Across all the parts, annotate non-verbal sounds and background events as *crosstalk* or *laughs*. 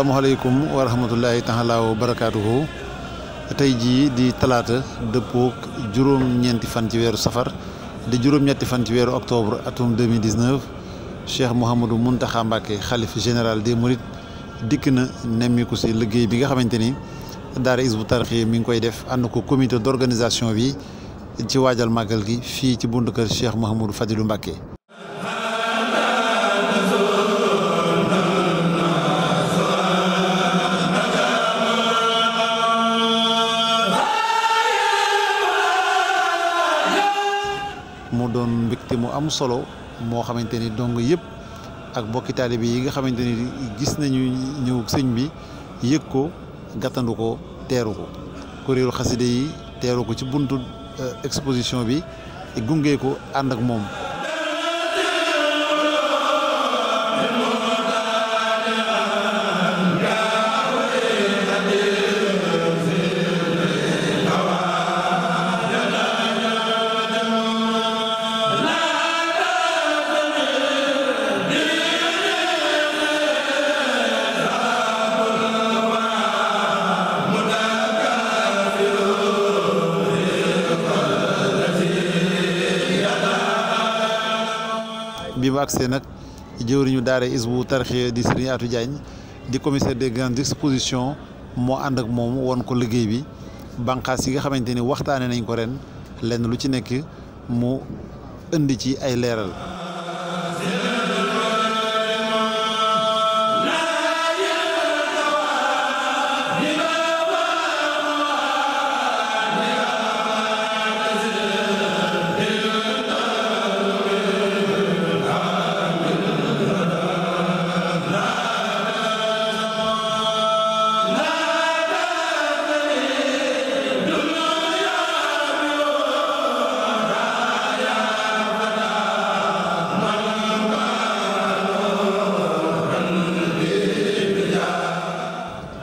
asalaamaaleykum wa rahmatullahi taala wa barakaatuhu tey jii di talaata dëppook juróom-ñeenti fan ci weeru safar di juróom-ñetti fan ci weeru octobre atum 2019 Cheikh Mouhamadou Mountakha Mbacké xalif général des Mourides dikk na nemmiku si liggéey bi nga xamante ni daara Hizbut Tarqiyyah mi ngi koy def ànd ko comité d'organisation bi ci waajal màggal gi fii ci buntu kër Cheikh Mouhamadou Fadilou Mbacké mbégte mu am solo moo xamante ni dong yëpp ak bokki taalibe yi nga xamante ni gis nañu ñëw sëñ bi yëg ko gàttandu ko teeru ko kuréelu xaside yi teeru ko ci buntu euh, exposition bi gunge ko ànd ak moom bi ma agsee nag jëwriñu daara isbu tarxiya di Serigne Atou Diagne di commissaire des grandes expositions moo ànd ak moom won ko liggéey bi banqaas yi nga xamante ni waxtaanee nañ ko ren lenn lu ci nekk mu indi ci ay leeral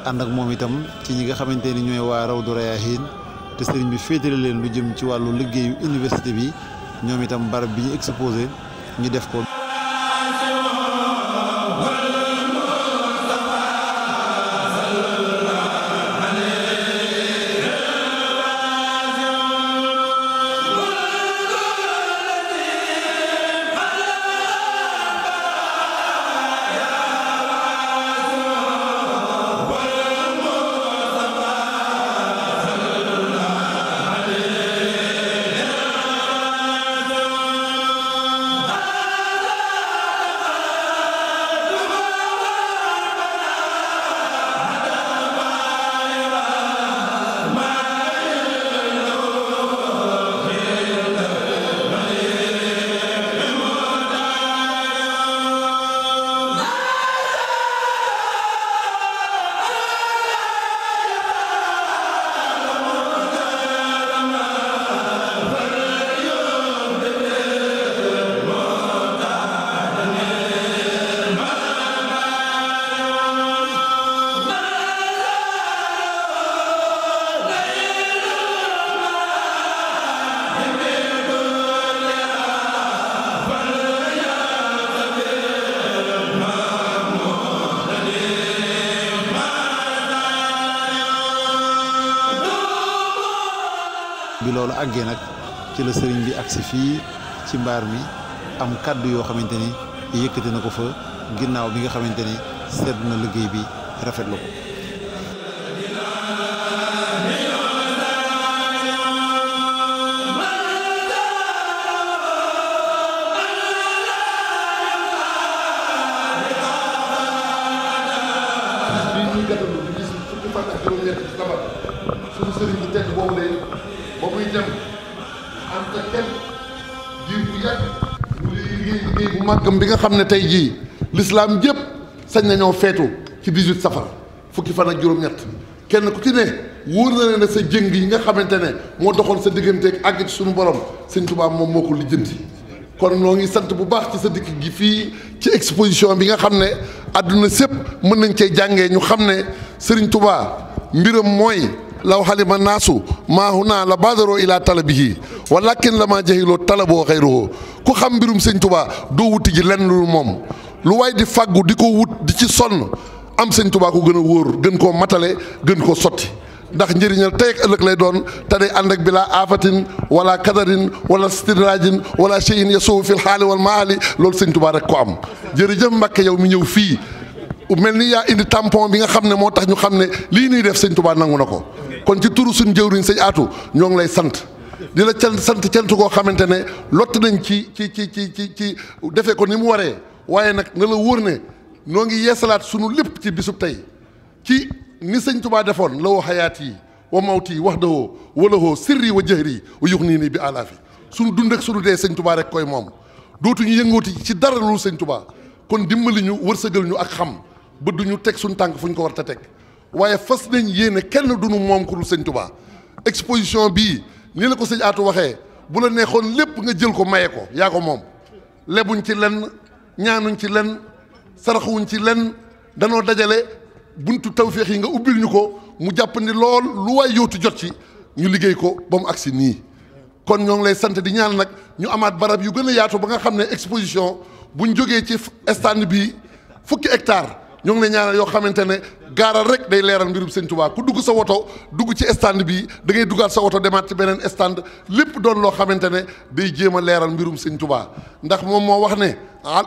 ànd ak moom itam ci ñi nga xamante ni ñooy waa Rawdu Rayaahiin te sëriñ bi féetale leen lu jëm ci wàllu liggéeyu université bi ñoom itam barab bi ñu exposé ñu def ko ci la sëriñ bi agsi fii ci mbaar mi am kàddu yoo xamante ni yëkkati na ko fa ginnaaw bi nga xamante ni sedd na liggéey bi rafet rafetlu ko ànd ak bi nga xam ne tey jii lislaam jëpp sañ nañoo feetu ci 18 safar fukki fan ak juróom-ñett kenn ku ci ne wóor na ne sa jëng yi nga xamante ne moo doxoon sa digganteeg àgg suñu borom sëñ Tuubaa moom moo ko lijjanti kon noo ngi sant bu baax ci sa dikk gi fii ci exposition bi nga xam ne àdduna sépp mën nañ cee jàngee ñu xam ne sëriñ Tuubaa mbiram mooy law xalima naasu maahu naa la baadaroo ilaa talabihi walakin la maa jahiloo talaboo xayruhu ku xam mbirum sëñ tubaa doo wuti ji lenn lu moom lu waay di fàggu di ko wut di ci sonn am sëñ tubaa ko gën a wóor gën koo matale gën koo sotti ndax njëriñal tey ak ëllëg lay doon te day ànd ak bilaa aafatin wala kadarin wala stidrajin wala cheyin yasuwu fil xaali wal maali loolu sëñ tubaa rek ko am jërëjëf Mbàkke yow mi ñëw fii mel ni yaa indi tampon bi nga xam ne moo tax ñu xam ne lii nuy def sëñ nangu na ko kon ci turu suñ jëwriñ sëñ aatu ñoo ngi lay sant dina la cant sant cant koo xamante ne lott nañ ci ci ci ci ci ci defee ko ni mu waree waaye nag na la wóor ne noo ngi yeesalaat sunu lépp ci bisub tey ci ni sëñ Tubaa defoon la woo xayaat yi wa mawti yi wax dawoo wala woo sirri wa jëhri wa yux nii nii bi alaafi sunu dund ak sunu dee sëñ Tubaa rek koy moom dootuñu yëngooti ci dara lu sëñ Tubaa kon dimbali ñu wërsëgal ñu ak xam bët du ñu teg suñu tànk fu ñu ko war teg waaye fas nañ yéene kenn du nu moom ku dul sëñ bii. nii la ko sëñ aatu waxee bu la neexoon lépp nga jël ko maye ko yaa ko moom lebuñ ci lenn ñaanuñ ci lenn saraxuwuñ ci lenn danoo dajale buntu tawféex yi nga ubbil ñu ko mu jàpp ni lool lu waay yóotu jot ci ñu liggéey ko ba mu agsi nii kon ñoo ngi lay sant di ñaan nag ñu amaat barab yu gën a yaatu ba nga xam ne exposition bu ñu jógee ci stand bii fukki hectare ñoom ngi lay yoo xamante ne gaaral rek day leeral mbirum sëñ Tuubaa ku dugg sa woto dugg ci stand bii da ngay duggaat sa woto demaat ci beneen stand lépp doon loo xamante ne day jéem a leeral mbirum sëñ Tuubaa ndax moom moo wax ne ah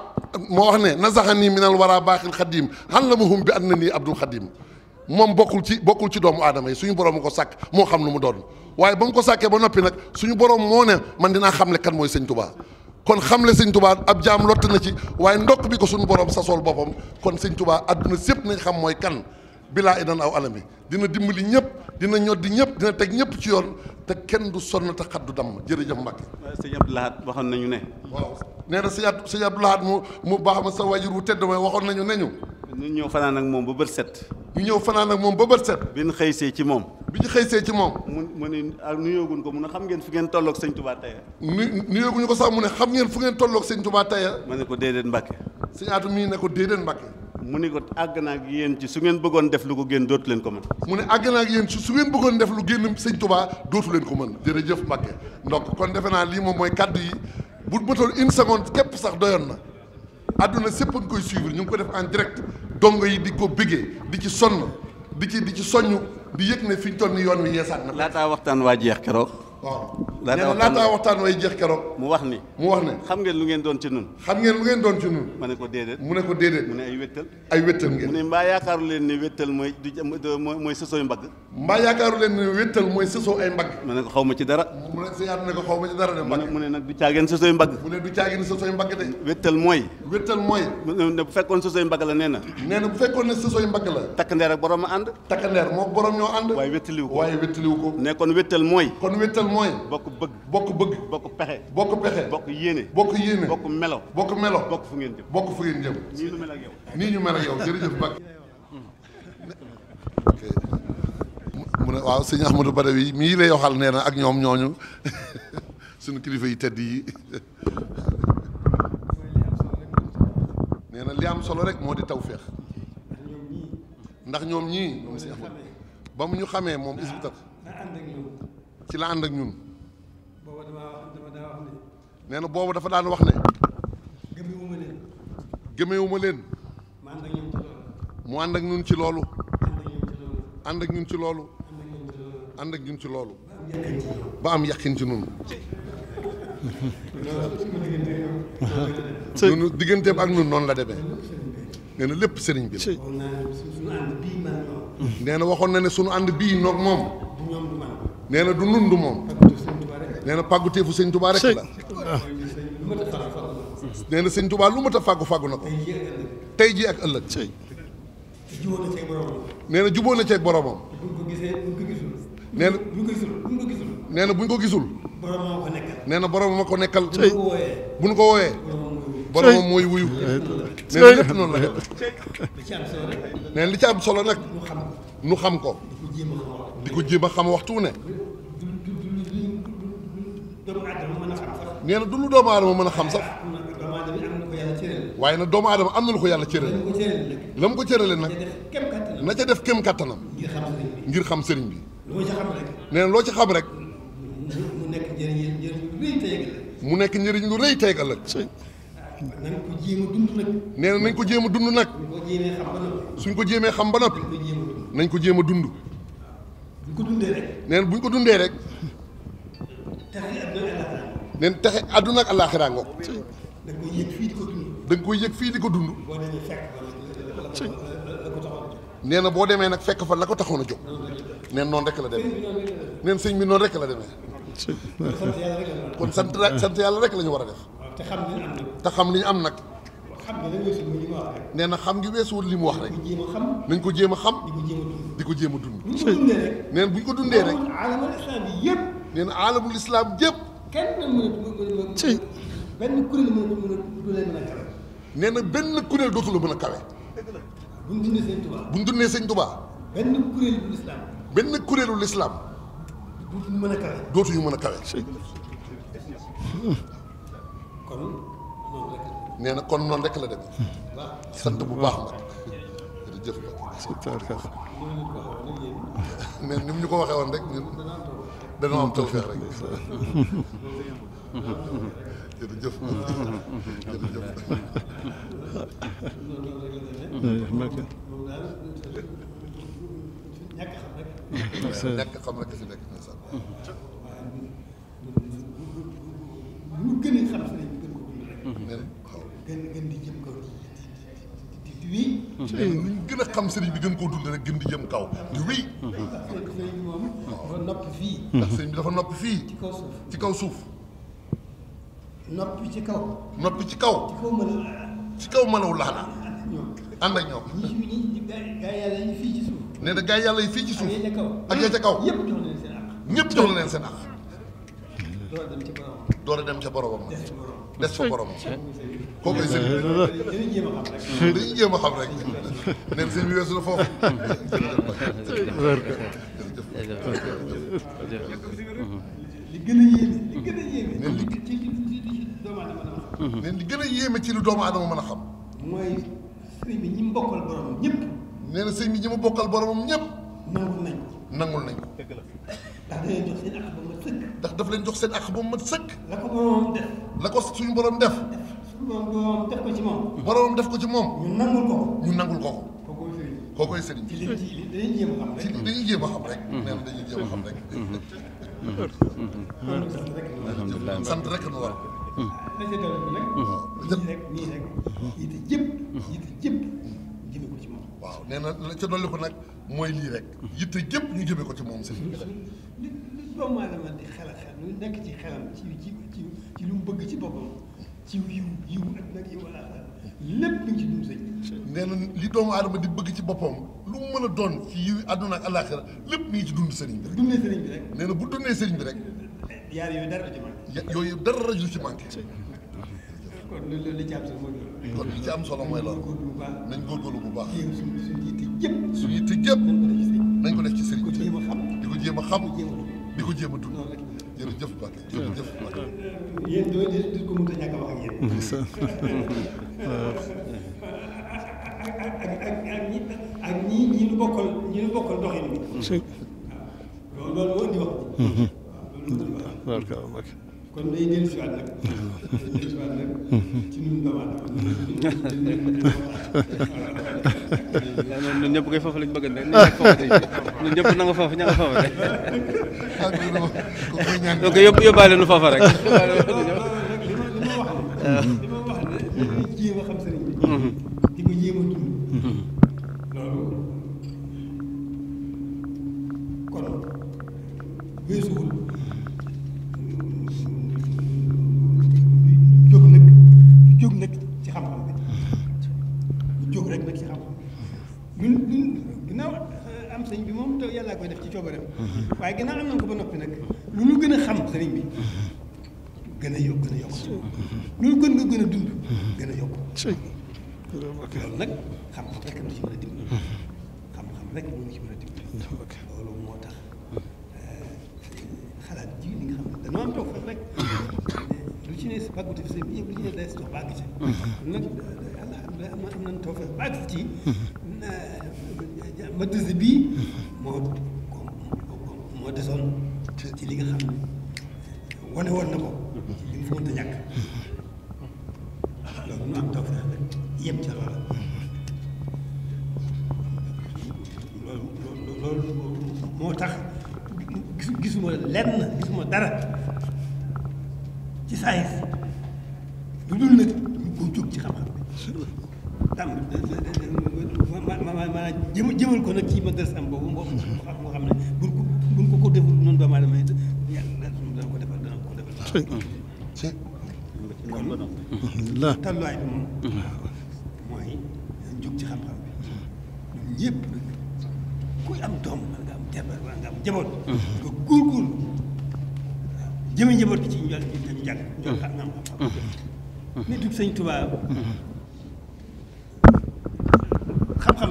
moo wax ne nasaxanii minal waraa baaxil xadiim allamahum bi annanii abdul xadiim moom bokkul ci bokkul ci doomu aadama yi suñu borom ko sàkk moo xam lu mu doon waaye ba mu ko sàkkee ba noppi nag suñu borom moo ne man dinaa xamle kan mooy sëñ kon xam le sëñ tubaa ab jaam lott na ci waaye ndokk bi ko suñu borom sa sol boppam kon sëñ tubaa àdduna sépp nañ xam mooy kan bilaa idan aw alami dina li ñëpp dina ñoddi ñëpp dina teg ñëpp ci yoon te kenn du sonn te xat du damm jërëjëf Mbacke. sëñ Abdou Lahad waxoon nañu ne. waaw nee na sëñ Abdou mu mu baax ma sa waajur wu tedd mooy waxoon nañu ne ñu. ñu ñëw fanaan ak moom ba bët set. ñu ñëw fanaan ak moom ba bët set. bi ñu xëysee ci moom. bi ñu xëysee ci moom. mu mu ne ah nuyooguñ ko mun a xam ngeen fu ngeen tolloog sëñ Touba nu nuyooguñu ko sax mu ne xam ngeen fu ngeen tolloog sëñ Touba Taye. ma ne ko déedéet Mbacke. sëñ Atou mii ne ko déedéet Mbacke. mu ne ko àgg naa ak yéen ci su ngeen bëggoon def lu ko génn dootu leen ko mën mu ne àgg naa ak yéen su ngeen bëggoon def lu génn sëñ Touba dootu leen ko mën jërëjëf Mbacke donc kon defe naa lii moom mooy kaddu yi bu bëtoon une seconde képp sax doyoon na àdduna sépp a ngi koy suivre ñu ngi ko def en direct dongo yi di ko bëggee di ci sonn di ci di ci soññ di yëg ne fi ñu toll ni yoon wi yeesaat na. laataa waxtaan waa jeex keroog. waaw nee laataa waxtaan way jeex keroog mu wax ni mu wax ne xam ngeen lu ngeen doon ci nun xam ngeen lu ngeen doon ci nun ma ne ko déedéet mu ne ko déedéet mu ne ay wéttal ay wéttal ngeen mu ne mbaa yaakaaru leen ni wéttal mooy du mooy sësooy mbagg mbaa yaakaaru leen ne wéttal mooy sësoo ay mbagg mu ne ko xaw ma ci dara mu ne sa nag du caageen sësooy mbagg de wéttal mooy wéttal mooy ne bu fekkoon sësooy mbagg la nee na nee na bu fekkoon ne sësooy mbagg la takkandeer ak borom a ànd takkandeer moo borom ñoo ànd waaye wéttaliwu ko waaye wéttaliwu ko ne kon wéttal mooy kon wéttal mooy bokk bëgg bokk bëgg pexe bokk pexe bokk yéene bokk yéene bokk melo bokk melo bokk fu ngeen jëm bokk fu ngeen jëm nii ñu mel ak nii ñu mel ak yow jërëjëf Mbacke mu ne waaw sëñ Ahmadou Badawi mii lay waxal nee na ak ñoom ñooñu *laughs* suñu kilifa yi tedd yi nee na li am solo rek moo di tawféex ndax ñoom ñii moom sëñ ba mu ñu xamee moom Hizbut ci la ànd ak ñun nee na boobu dafa daan wax ne gëmewuma leen gëmewuma leen mu ànd ak ñun ci loolu ànd ak ñun ci loolu ànd ak ñun ci loolu ba am yàqin ci noonu noonu digganteem ak nun noonu la demee nee na lépp sëriñ bi nee na waxoon na ne sunu ànd bii noog moom nee na du nun du moom nee na pàgguteefu sëñ rek la nee na sëñ lu mat a fàggu fàggu na ko tey jii ak ëllëg nee na jubóo na ceeg boromam nee na bu ñu ko gisul bu nee na bu ma ko nekkal. nee na ko nekkal. bu ñu ko wooyee. boromam mooy wuyu. nee la def. nee na li ci am solo nag. nu xam ko. di ko jéem xam waxtu wu ne. nee na du lu doomu aadama mën a xam sax. waaye nag doomu aadama am na lu ko yàlla cërale. la mu ko cërale nag. na ca def kem kattanam. ngir xam sëriñ bi. lu ma ci loo ci xam rek. mu nekk njëriñ lu rëy tey mu nekk njëriñ ko jéem a dund nag. nee nañ ko jéem a dund nag. suñ ko jéemee xam ba noppi. suñ nañ ko jéem a dund. buñ ko dundee buñ ko dundee rek. neen texe àdduna ak àllaaxira ngoog. da ko dund. fii di ko dund. na boo demee nag fekk fa la ko taxoon a jóg. neen noonu rekk la demee neen sëñ bi noon rek la demee kon sant sant yàlla rek la ñu war a def te xam li am nag nee na xam ngi weesuwul li mu wax rek nañ ko jéem a xam di ko jéema a dund neen bu ñu ko dundee rek nee na aalamul islaam yëpp benn kuréel nee na benn kuréel dootu la mën a kawe bu ñu dundee sëñ Tuubaa bu sëñ Tuubaa benn kuréelu lislaam dootuñu mën a kawe dootuñu mën a kon nee na kon noonu rek la dem sant bu baax nag jërëjëf ni mu ñu ko waxee woon rek ñun dañoo am rek nekk xam rek si nekk ndeysaan lu gën a xam si gën ko dund gën gën di jëm kaw di gën a xam sëriñ bi gën koo dund rek gën di jëm kaw di wéy sëriñ noppi fii ndax sëriñ bi dafa noppi fii ci kaw suuf ci kaw suuf noppi ci kaw ci kaw ci kaw mën ci kaw mënaw laala ànd ak ñoom ñi gaa yàlla ñu fii suuf nee na yàlla yi fii ci suuf ak ya ñëpp jox leen seen àq a dem ca boromam des fa boromam kooku a xam rek dañuy jéem a na li gën a yéeme a yéeme doomu aadama mën a xam neen doomu aadama mën xam nee na sëñ bi ñi ma bokkal boromam ñëpp. nangul nañ ko. nangul nañ ndax da leen jox seen àq ba mu mat sëkk. ndax daf leen jox seen àq ba mu mat sëkk. la ko la ko suñu borom def. suñu borom def ko ci moom. boromam def ko nangul ko ko. ñu ko ko. kookoy sëriñ bi kookoy sëriñ ci li dañuy jéem a xam rek. ci xam rek. nee na dañuy jéem a xam rek. sant rek nu war. waaw nee na la ca dolli ko nag mooy lii rek. yitte yëpp ñu jëmee ko ci moom sëriñ bi. li li doomu aadama di ci ci ci ci lu bëgg ci boppam ci yiw yiw ak nag yiw alaaxira lépp lu ci dund sëñ. nee na li doomu ci boppam lu mën a doon ci yiw àdduna ak alaaxira lépp mi ci dund sëriñ bi rek. dundee sëriñ bi rek. nee bu dundee sëriñ bi rek. yaar yooyu dara du ci manqué. yooyu dara du ci manqué. kon loolu li ci am solo mooy loolu. li ci am solo mooy loolu. nañ góorgóorlu bu baax nañ góorgóorlu bu baax. suñu yitte jëpp. nañ ko def ci sëriñ bi di ko jéem a xam di ko jéem a dund. jërëjëf Mbacke jërëjëf Mbacke. yéen doo di ko mënut a ñàkk a wax ak yéen. *laughs* ak ñi ñi ñu bokkal ñi ñu bokkal doxin bi. loolu loolu moo indi wax. Mhm. waaw loolu moo indi wax. kon day dellu si waat nag. day dellu si waat nag. ci lañ bëgg a ñun ñëpp na donc yóbbaale nu foofa rek. yóbbaale nu foofa rek. ñun ñun ginnaaw euh, am sëñ bi moom te yàllaa koy def ci coobareem waaye ginnaaw am nañ ko ba noppi nag lu ñu gën a xam sëriñ bi gën a yokk gën a lu ñu gën nga gën a dund gën a yokk loolu xam-xam rek lu ci a dimbali xam-xam rek lu ci mën a dimbali loolu moo tax euh, xalaat ji li nga xam ne dañoo am toog rek lu ci ne fàggute fi sëñ bi lu ci ne day toog bàgg ci mhm. nag euh, alhamdulilah am na am nañ toog bàgg ci Euh, maîtrise bii moo moo desoon ci li nga xam ne wane woon na ko li mu mënta ñàkk loolu moo tax gis gisuma lenn gisuma dara ci saayis lu dul nag ñu ko jóg ci xam tam maanaam jëm jëmal ko nag ci madrasa am boobu moo noonu doomu aadama it yàlla dana ko bi moom mooy jóg ci xam-xam bi ñun ñëpp kuy am doom wala nga am jabar wala nga am jaboot nga góorgóorlu jëme njaboot gi ci njàng tubaab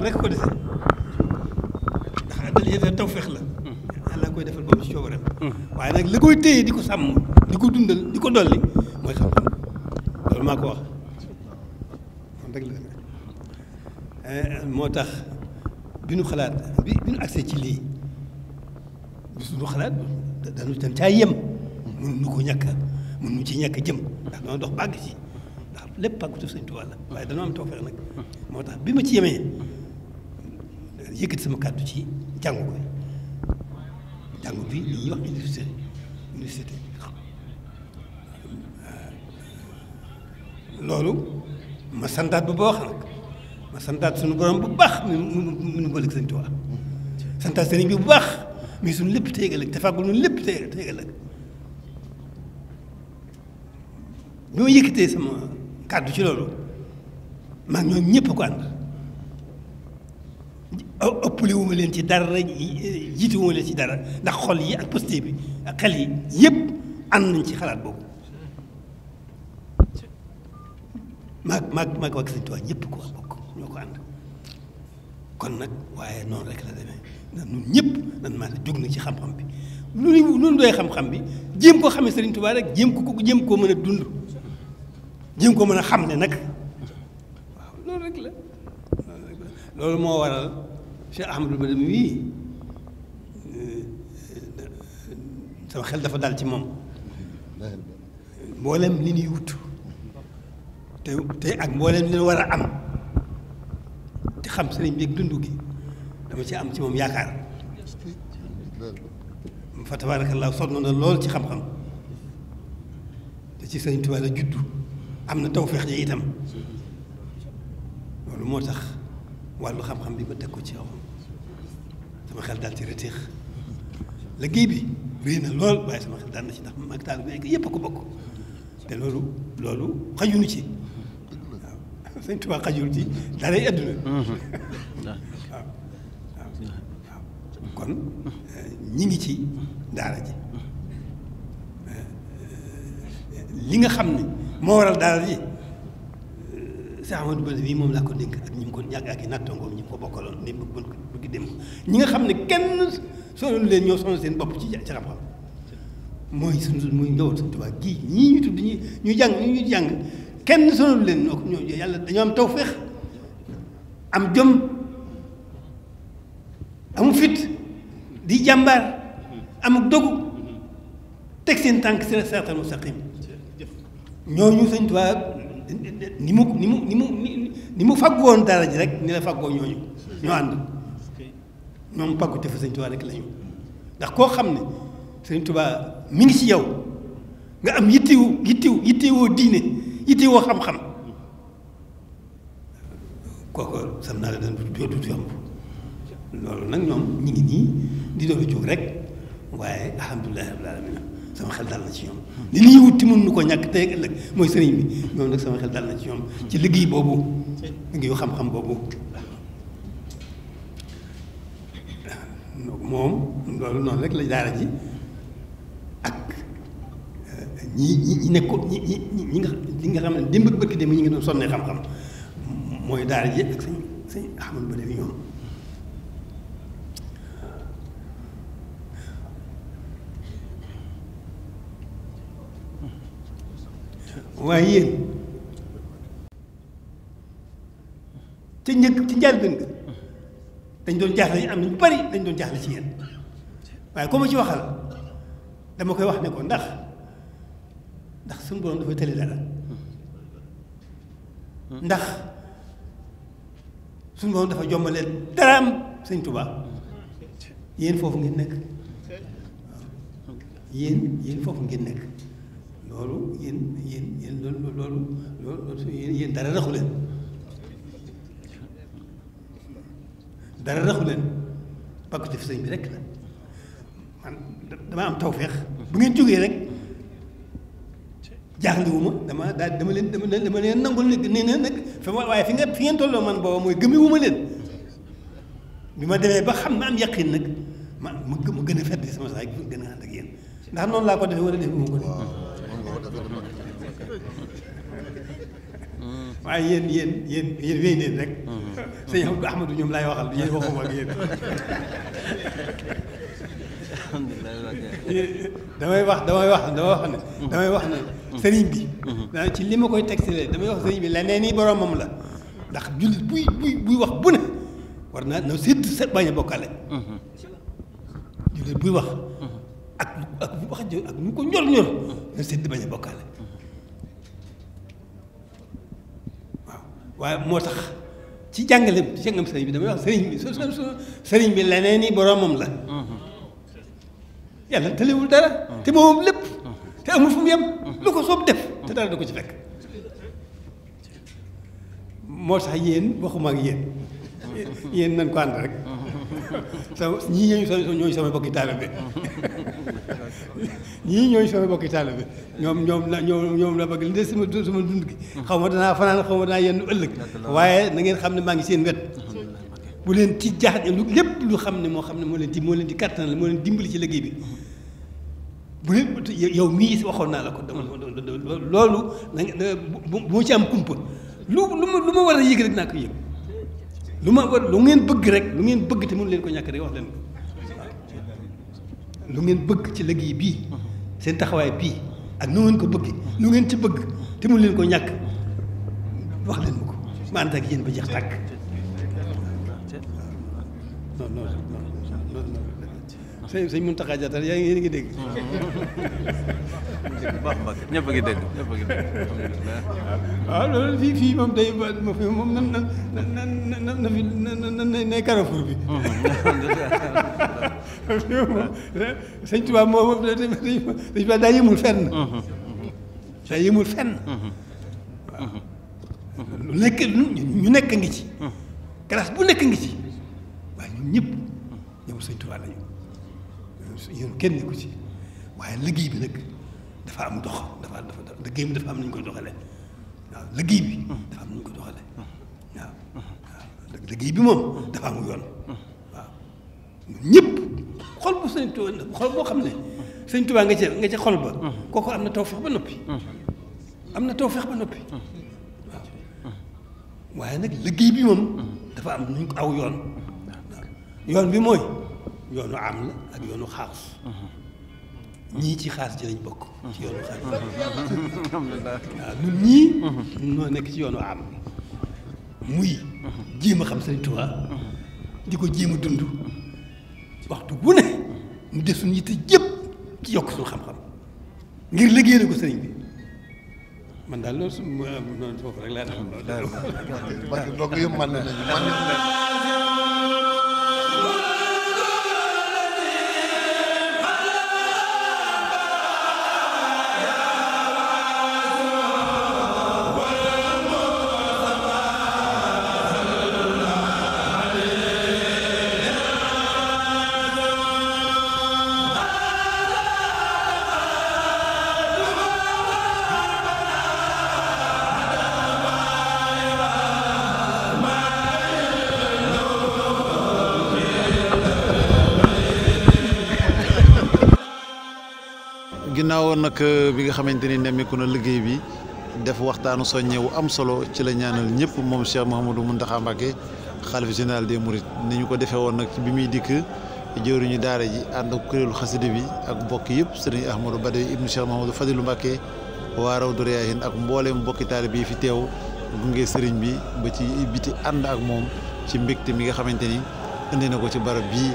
borom rek ko dese ndax atelier dafa tawféex la. yàlla koy defal boobu si coobareem. waaye nag li koy téye di ko sàmm di ko dundal di ko dolli mooy xam-xam loolu maa ko wax moom rek la eh, moo tax bi nu xalaat bi bi nu accès ci lii bi suñu xalaat dañu dem caa yem. mënuñu ko ñàkk a mënuñu ci ñàkk jëm ndax dana dox bàgg ci. lépp pàggatu sëñ Tuubaa la waaye dañoo am moo tax bi ma ci yemee yëkkati sama kàddu ci jàngu ko jàngu bi li ñuy université université euh, loolu ma santaat bu baax nag ma santaat suñu borom bu baax mu mu mu bëlëg sëñ Tuubaa santaat sëriñ bi bu baax mi suñu lépp téegal ak dafaagul ñun lépp téegal ak bi ma yëkkatee sama kàddu ci loolu maa ngi ñoom ñëpp ko ëppale wu ma leen ci dara jiite wu leen ci dara ndax xol yi ak posté bi ak xel yi yëpp ànd nañ ci xalaat boobu maag maag maag waa Sëñ Tuubaa ñëpp ko bokk ñoo ko ànd kon nag waaye noonu rek la demee ndax ñun ñëpp nan maa jóg na ci xam-xam bi lu ñu doy xam-xam bi jéem koo xamee Sëriñ Tuubaa rek jéem ko jéem koo mën a dund jéem koo mën a xam ne nag loolu rek la loolu moo waral. Cheikh Ahmadou Bamba wii eh, eh, sama xel dafa dal ci moom mboolem li ñuy wut te te ak mboolem li ñu war a am te xam sëriñ bi ak dund gi dama ci am ci moom yaakaar fa tabaarakallaa sonn na lool ci xam-xam te ci sëriñ Tuubaa la juddu am na tawfeex ja itam loolu moo tax wàllu xam-xam bi ma teg ko ci yow sama xel daal ci rëteex liggéey bi réy na lool waaye sama xel daal na ci ndax mag taal bi nekk yëpp ko bokk te loolu loolu xajunu ci waaw sëñ Tuubaa xajul ci daray ngi ci daara ji li nga xam ne moo waral daara ji si Amadou Bada bii moom laa ko dénk ak ñi mu ko ñàkk ak i nattangoom ñi mu ko bokkaloon ni bëgg bëgg dem ñi nga xam ne kenn sonal leen ñoo sonal seen bopp ci ci rapport mooy suñu muy njawal suñu tubaab gii ñii ñu tudd ñi ñu jàng ñu jàng kenn sonal leen ñoo ñoo yàlla dañoo am tawféex am jom amu fit di jàmbaar amuk dogu teg seen tànk si la saratan mustaqim ñooñu sëñ tubaab ni mu ni mu ni mu ni mu faggoon dara rek ni la faggoo ñooñu ñoo ànd ñoom pàggute fa sëñ Tuubaa rek lañu ndax koo xam ne sëñ Tuubaa mi ngi ci yow nga am yittiwu yittiwu yittiwoo diine yittiwoo xam-xam kooku sam naa la dan du yomb loolu nag ñoom ñu ngi nii di doon rek waaye alhamdulilahi rabbil sama xel dal na ci ñoom li ñuy wuti mën nu ko ñàkk te ëllëg mooy sëriñ bi ñoom nag sama xel dal na ci ñoom ci liggéey boobu liggéeyu xam-xam boobu moom loolu noonu rek la daara ji ak eh, ñi ñi ñi nekkoon ñi ñi ñi nga ñi nga xam ne démb ak bët ki ñu ngi doon sonnee xam-xam mooy daara ji ak sañ sañ xamal ba def ñoom waaye yéen ca ci njëlbéen ga dañ doon jaaxle am nañu bari dañ doon jaaxle ci yéen waaye comme ci waxal dama koy wax ne ko ndax ndax suñu borom dafa tële dara ndax suñu borom dafa jombalee daraam sëñ Tuubaa yéen foofu ngeen nekk yéen yéen foofu ngeen nekk loolu yéen yéen yéen loolu loolu loolu yéen dara raxu leen dara raxu leen bakku ci sëñ bi rek la man dama am tawféex bu ngeen jógee rek jaaxliwuma dama daal dama leen dama leen dama leen nangul nag nee na nag fi ma waaye fi nga fi ngeen tolloo man booba mooy gëmewuma leen bi ma demee ba xam na am yaqin nag ma ma gën a fedd sama saa yi gën a ànd ak yéen ndax noonu laa ko defee wala defee mu ko waaye yéen yéen yéen yéen wéy leen rek. Mhm. *laughs* sëñ Abdou Ahmadou ñoom laay waxal yéen waxuma ak yéen. damay wax damay wax damay wax ne. Mhm. damay wax ne mhm. sëriñ bi. daanaka ah, ci li ma koy textilee damay wax sëriñ bi leneen i boromam la ndax jullit buy buy buy wax bu ne war naa na sédd sa bokkale. jullit buy wax. ak ak wax ak nu ko ñor-ñor na sédd bañ a bokkale. waaye moo tax ci jàngale ci jàngam sëriñ bi damay wax sëriñ bi su su sëriñ bi leneen i boromam la. yàlla tëlewul dara. te moom lépp. te amul fu mu yem. lu ko soob def te dara du ko ci fekk. moo tax yéen waxuma ak yéen. yéen nañ ko ànd rek. *laughs* sama ñii ñooñu sama ñooñu sama bokki taalibe bi. ñii ñooy sama bokki bi ñoom ñoom la ñoom ñoom la bëgg li des sama sama dund gi xaw ma danaa fanaan xaw ma danaa yenn ëllëg waaye na ngeen xam ne maa ngi seen wet bu leen ci jaaxle lu lépp lu xam ne moo xam ne moo leen di moo la di kattanal moo leen dimbali ci liggéey bi bu leen yow mii waxoon naa la ko dama loolu da nga boo ci am kumpa lu lu ma lu ma war a yëg rek naa ko yëg lu ma war lu ngeen bëgg rek lu ngeen bëgg te mënu leen ko ñàkk rek wax leen lu ngeen bëgg ci liggéey bii seen taxawaay bii ak nu ngeen ko bëgg lu ngeen ci bëgg te mu leen ko ñàkk wax leen ma ko ma ànd ak yéen ba jeex tàkk non non mun sëñ Mountakha yaay yaa ngi dégg *laughs* *laughs* baax a baax ñëpp a ngi dégg ñëpp a ngi dégg waaw ah, loolu fii bi. sëñ Tuubaa moom moom dañu dañu fa daa yëmul fenn. daa yëmul fenn. lu nekk ñu nekk ngi ci. classe bu nekk ngi ci waaye ñun ñëpp ñoom sëñ Tuubaa lañu yéen kenn ku ci waaye liggéey bi nag. dafa am dox dafa dafa liggéey dafa am nu ko koy doxalee waaw liggéey bi dafa am nu bi moom dafa am yoon waaw ñëpp xol bu sëñ Tuubaa xol boo xam ne sëñ Tuubaa nga ca nga ca xol ba kooku am na tawfeex ba noppi am na tawfeex ba noppi waaw waaye nag liggéey bi moom dafa am nu ko aw yoon yoon bi mooy yoonu am la ak yoonu xaas ñii ci xaas ji lañ bokk. ci yoonu xaas *laughs* waaw ñun noo mhm. nekk ci yoonu am muy. jéem xam Sëriñ Tuubaa mhm. di ko jéem a dund waxtu bu ne mu def suñu yitte jëpp ci yokk suñu xam-xam ngir liggéeyal ko sëriñ bi. man daal loolu su ma foofu rek laa tax. d'accord donc yëpp mën nañu mën nañu ginnaaw nag euh, bi nga xamante ni nemmeeku na liggéey bi def waxtaanu soññe wu am solo ci la ñaanal ñëpp moom Cheikh Mouhamadou Mountakha Mbacké xalif général des Mourides ni ñu ko defee woon nag ci bi muy dikk ñu daare ji ànd ak kuréelu xasida bi ak mbokk yëpp sëriñ Ahmadou Badawi ibnu Cheikh Mouhamadou Fadilou Mbacké waa Rawdu Rayaahin ak mbooleem mbokki taalibe yi fi teew gunge sëriñ bi ba ci biti ànd ak moom ci mbégte mi nga xamante ni indi na ko ci barab bii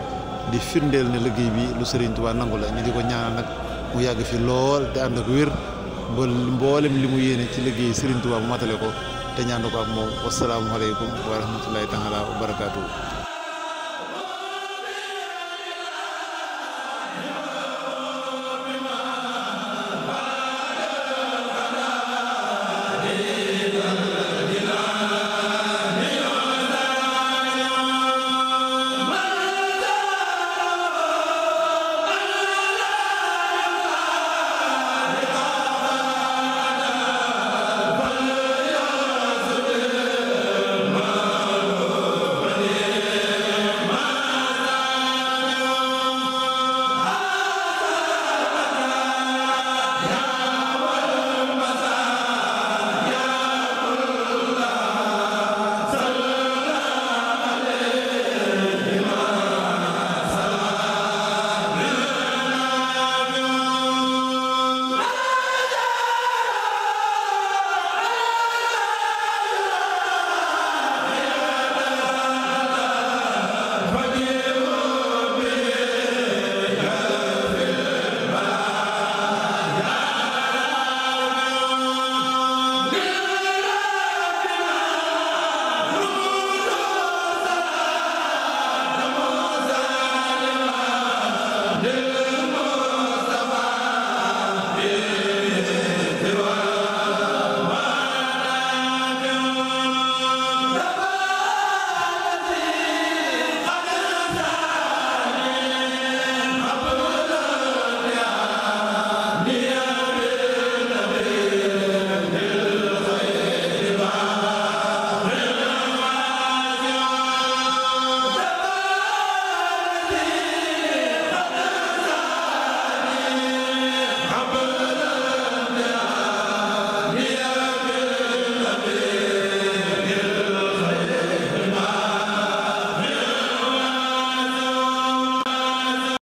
di firndeel ne liggéey bi lu sëriñ Tuubaa nangu la ko ñaanal nag mu yàgg fi lool te ànd ak wér ba mboolem li mu yéene ci liggéey Serigne Touba mu matale ko te ñaan ko ak moom wasalaamualeykum wa rahmatullahi taala barakaatu.